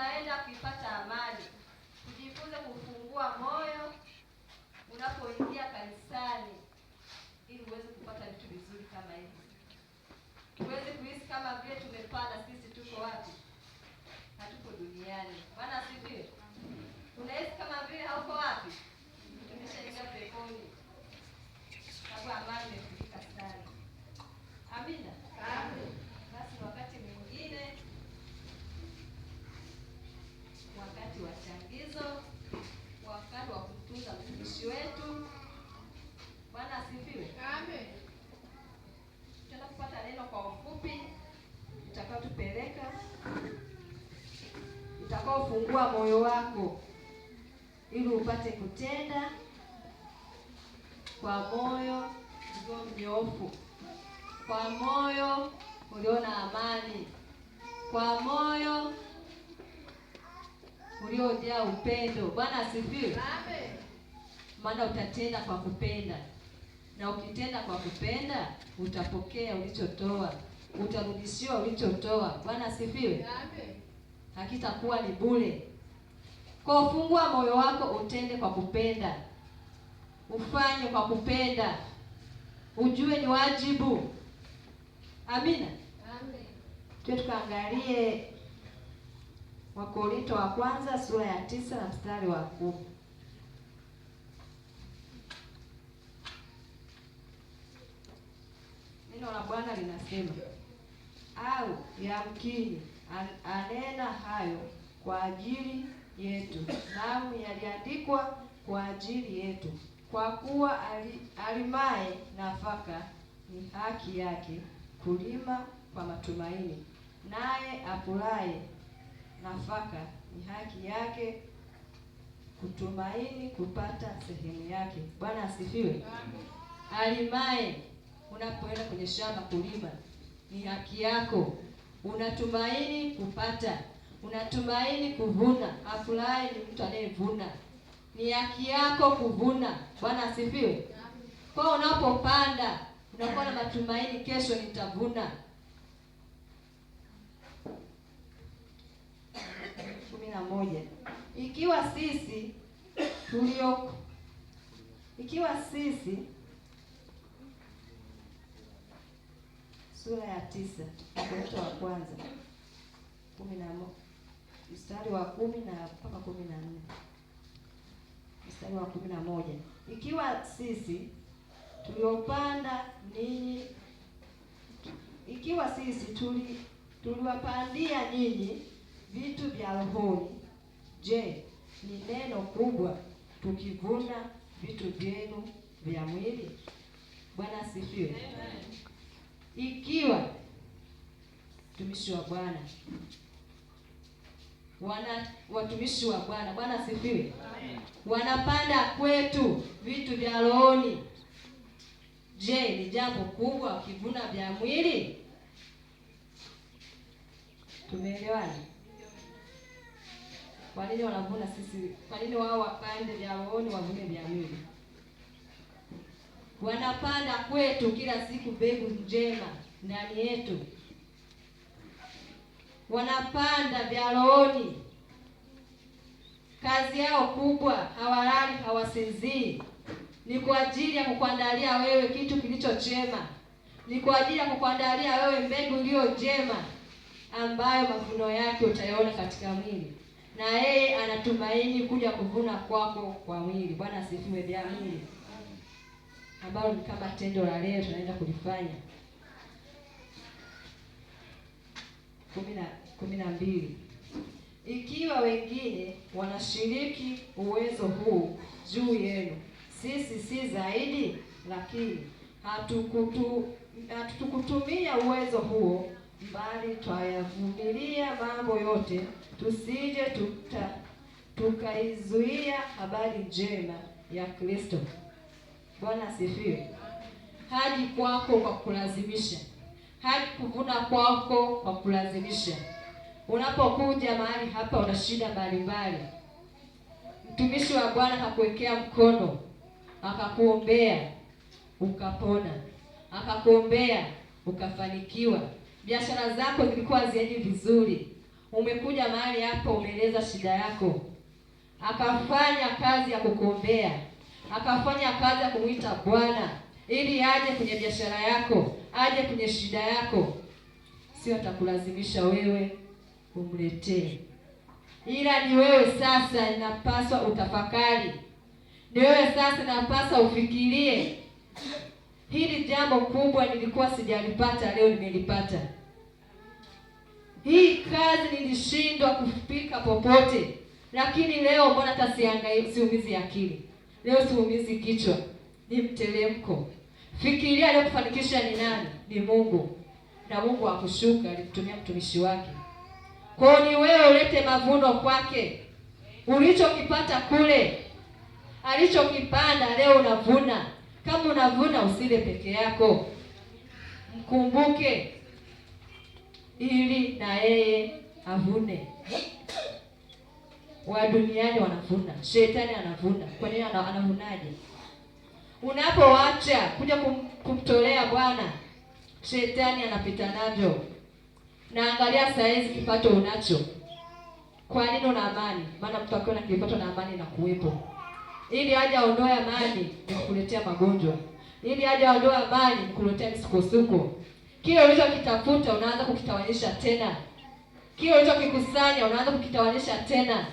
unaenda kuipata amani. Tujifunze kufungua moyo unapoingia kanisani, ili uweze kupata vitu vizuri kama hivi. Tuweze kuhisi kama vile tumepanda sisi, tuko wapi? Hatuko duniani maana utakaofungua moyo wako ili upate kutenda kwa moyo ulio mnyofu, kwa moyo ulio na amani, kwa moyo uliojaa upendo. Bwana asifiwe. Amen. Maana utatenda kwa kupenda, na ukitenda kwa kupenda utapokea ulichotoa, utarudishiwa ulichotoa. Bwana asifiwe. Amen hakitakuwa ni bure. Kwa ufungua moyo wako, utende kwa kupenda, ufanye kwa kupenda, ujue ni wajibu. Amina, amen. Tuwe tukaangalie Wakorinto wa kwanza sura ya tisa na mstari wa kumi. Neno la Bwana linasema au yamkini anena hayo kwa ajili yetu, naam, yaliandikwa kwa ajili yetu, kwa kuwa ali, alimaye nafaka ni haki yake kulima kwa matumaini, naye apulaye nafaka ni haki yake kutumaini kupata sehemu yake. Bwana asifiwe. Alimaye, unapoenda kwenye shamba kulima, ni haki yako unatumaini kupata, unatumaini kuvuna. Afurahi ni mtu anayevuna, ni haki yako kuvuna. Bwana asifiwe. Kwa unapopanda unakuwa na matumaini, kesho nitavuna. kumi na moja. Ikiwa sisi tulio ikiwa sisi sura ya tisa Wakorintho wa kwanza kumi na moja mstari wa kumi na mpaka kumi na nne mstari wa kumi na moja ikiwa sisi tuliopanda ninyi, ikiwa sisi tuli- tuliwapandia nyinyi vitu vya rohoni, je, ni neno kubwa tukivuna vitu vyenu vya mwili? Bwana asifiwe ikiwa mtumishi wa Bwana wana watumishi wa Bwana, Bwana asifiwe, wanapanda kwetu vitu vya rohoni, je, ni jambo kubwa wakivuna vya mwili? tumeelewa Kwa nini wanavuna sisi? Kwa nini wao wapande vya rohoni wavune vya mwili? wanapanda kwetu kila siku mbegu njema ndani yetu, wanapanda vya rohoni. Kazi yao kubwa, hawalali hawasinzii, ni kwa ajili ya kukuandalia wewe kitu kilicho chema, ni kwa ajili ya kukuandalia wewe mbegu iliyo njema ambayo mavuno yake utayaona katika mwili, na yeye anatumaini kuja kuvuna kwako kwa mwili. Bwana asifiwe. mwili ambalo ni kama tendo la leo tunaenda kulifanya. kumi na kumi na mbili ikiwa wengine wanashiriki uwezo huu juu yenu, sisi si zaidi, lakini hatukutumia hatukutumia uwezo huo, mbali twayavumilia mambo yote, tusije tukaizuia habari njema ya Kristo. Bwana asifiwe. Haji kwako kwa kulazimisha, haji kuvuna kwako kwa kulazimisha. Unapokuja mahali hapa, una shida mbalimbali, mtumishi wa Bwana hakuwekea mkono, akakuombea ukapona, akakuombea ukafanikiwa, biashara zako zilikuwa ziendi vizuri. Umekuja mahali hapa, umeeleza shida yako, akafanya kazi ya kukuombea akafanya kazi ya kumwita Bwana ili aje kwenye biashara yako, aje kwenye shida yako, sio atakulazimisha wewe umletee, ila ni wewe sasa inapaswa utafakari, ni wewe sasa inapaswa ufikirie. Hili jambo kubwa nilikuwa sijalipata, leo nimelipata. Hii kazi nilishindwa kufika popote, lakini leo mbona hata umizi akili Leo siumizi kichwa, ni mteremko. Fikiria aliyokufanikisha ni nani? Ni Mungu, na Mungu akushuka, alimtumia mtumishi wake. Kwa hiyo ni wewe ulete mavuno kwake, ulichokipata kule, alichokipanda leo unavuna. Kama unavuna usile peke yako, mkumbuke ili na yeye avune wa duniani wanavuna, shetani anavuna. Kwa nini anavunaje? Unapoacha kuja kum, kumtolea Bwana, shetani anapita navyo. Na angalia saizi kipato unacho, kwa nini una amani? Maana mtu akiwa na kipato na amani na kuwepo, ili aje aondoe amani ni kukuletea magonjwa, ili aje aondoe amani ni kukuletea misukosuko. Kile ulichokitafuta unaanza kukitawanyisha tena, kile ulichokikusanya unaanza kukitawanyisha tena.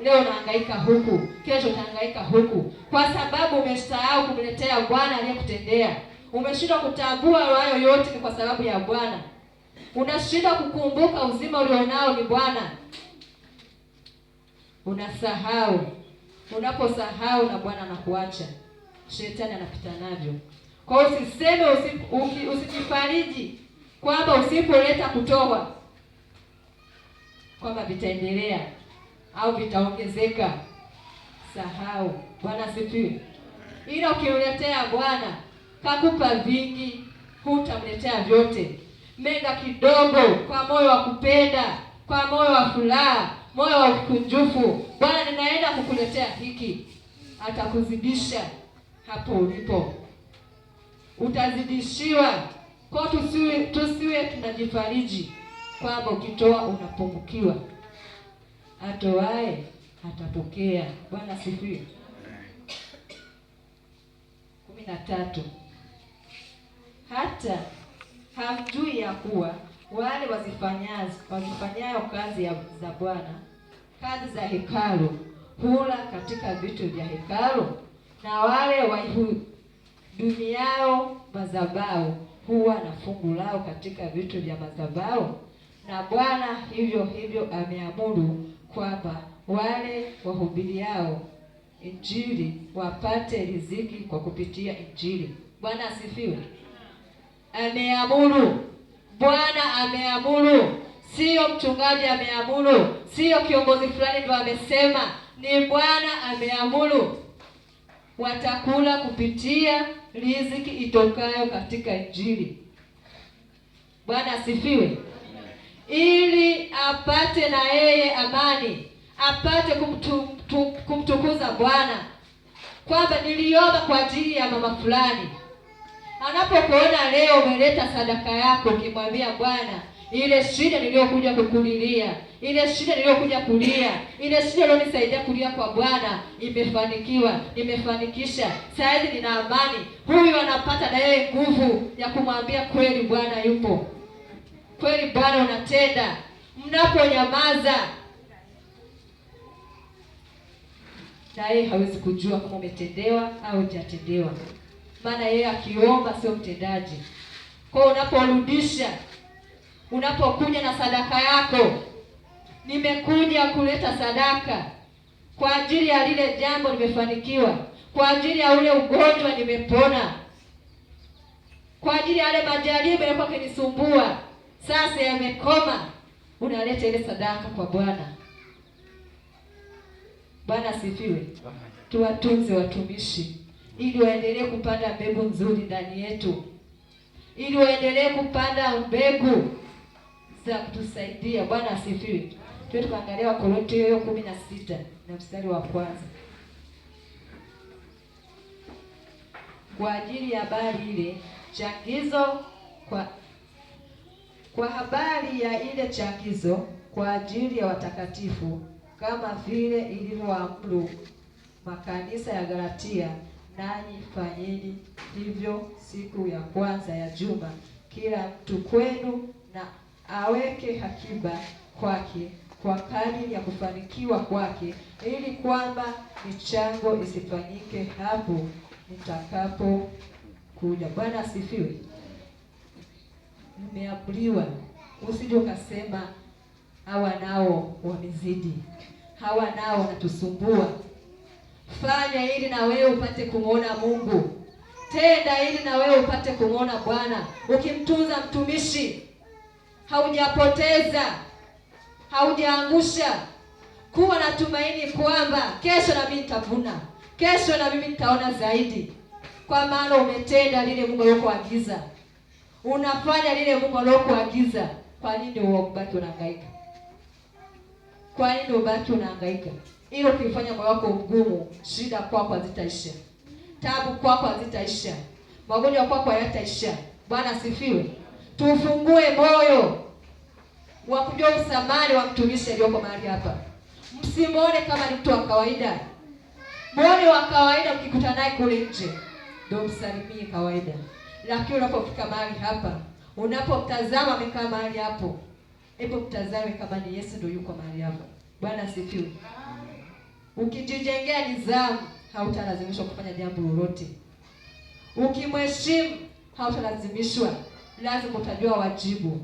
Leo unahangaika huku, kesho utahangaika huku, kwa sababu umesahau kumletea Bwana aliyekutendea. Umeshindwa kutambua hayo yote ni kwa sababu ya Bwana, unashindwa kukumbuka uzima ulionao ni Bwana, unasahau. Unaposahau na Bwana anakuacha, shetani anapita navyo. Kwa hiyo usiseme, usijifariji kwamba usipoleta kutoa kwamba vitaendelea au vitaongezeka. Sahau. Bwana asifiwe. Ila ukimletea Bwana kakupa vingi, hutamletea vyote. menda kidogo kwa moyo wa kupenda, kwa moyo wa furaha, moyo wa ukunjufu. Bwana, ninaenda kukuletea hiki, atakuzidisha hapo ulipo, utazidishiwa. Kwa tusiwe tusiwe tunajifariji kwamba ukitoa unapungukiwa atoae atapokea. Bwana asifiwe. kumi na tatu hata hamjui ya kuwa wale wazifanyayo kazi ya za Bwana kazi za hekalu hula katika vitu vya hekalu, na wale waihudumiao mazabao huwa na fungu lao katika vitu vya mazabao Na Bwana hivyo hivyo ameamuru kwamba wale wahubiriao injili wapate riziki kwa kupitia injili. Bwana asifiwe. Ameamuru, Bwana ameamuru, sio mchungaji ameamuru, sio kiongozi fulani ndio amesema, ni Bwana ameamuru, watakula kupitia riziki itokayo katika injili. Bwana asifiwe ili apate na yeye amani, apate kumtu, kumtukuza Bwana, kwamba niliomba kwa ajili ya mama fulani. Anapokuona leo umeleta sadaka yako ukimwambia Bwana, ile shida niliyokuja kukulilia, ile shida niliyokuja kulia, ile shida iliyonisaidia kulia kwa Bwana imefanikiwa, imefanikisha. Sasa nina amani. Huyu anapata na yeye nguvu ya kumwambia kweli Bwana yupo kweli Bwana unatenda mnaponyamaza, na yeye hawezi kujua kama umetendewa au jatendewa maana yeye akiomba sio mtendaji. kwao unaporudisha, unapokuja na sadaka yako, nimekuja kuleta sadaka kwa ajili ya lile jambo nimefanikiwa, kwa ajili ya ule ugonjwa nimepona, kwa ajili ya yale majaribu yalikuwa akinisumbua sasa yamekoma, unaleta ile sadaka kwa Bwana. Bwana asifiwe. Tuwatunze watumishi ili waendelee kupanda mbegu nzuri ndani yetu, ili waendelee kupanda mbegu za kutusaidia. Bwana asifiwe. Tuwe tukaangalia Wakorintho hiyo kumi na sita na mstari wa kwanza kwa ajili ya habari ile changizo kwa kwa habari ya ile chakizo kwa ajili ya watakatifu kama vile ilivyoamuru makanisa ya Galatia, nanyi fanyeni hivyo siku ya kwanza ya juma, kila mtu kwenu, na aweke hakiba kwake kwa kadri ya kufanikiwa kwake, ili kwamba michango isifanyike hapo kuja Bwana asifiwe mmeamriwa, usije ukasema hawa nao wamezidi, hawa nao wanatusumbua. Fanya ili na wewe upate kumwona Mungu, tenda ili na wewe upate kumwona Bwana. Ukimtunza mtumishi, haujapoteza, haujaangusha. Kuwa na tumaini kwamba kesho na mimi nitavuna, kesho na mimi nitaona zaidi, kwa maana umetenda lile Mungu aliyokuagiza unafanya lile Mungu alokuagiza. Kwa nini ubaki unahangaika? Kwa nini ubaki unahangaika? Ilo ukifanya moyo wako mgumu, shida kwako hazitaisha, tabu kwako hazitaisha, magonjwa kwako hayataisha. Bwana asifiwe. Tufungue moyo wa kujua usamani wa mtumishi aliyoko mahali hapa. Msimuone kama ni mtu wa kawaida, mwone wa kawaida. Ukikutana naye kule nje, ndio msalimie kawaida. Lakini unapofika mahali hapa, unapotazama amekaa mahali hapo, hebu mtazame kama ni Yesu ndio yuko mahali hapo. Bwana asifiwe. Ukijijengea nidhamu, hautalazimishwa kufanya jambo lolote. Ukimheshimu, hautalazimishwa, lazima utajua wajibu.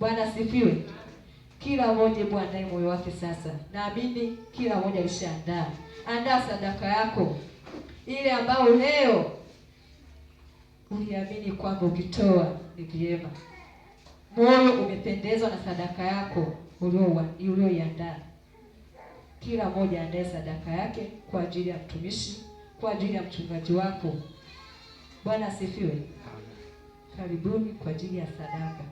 Bwana asifiwe. Kila mmoja hebu andae moyo wake sasa. Naamini kila mmoja alishaandaa. Andaa sadaka yako ile ambayo leo uliamini kwamba ukitoa ni vyema, moyo umependezwa na sadaka yako ulioiandaa. Kila mmoja andaye sadaka yake kwa ajili ya mtumishi, kwa ajili ya mchungaji wako. Bwana asifiwe. Karibuni kwa ajili ya sadaka.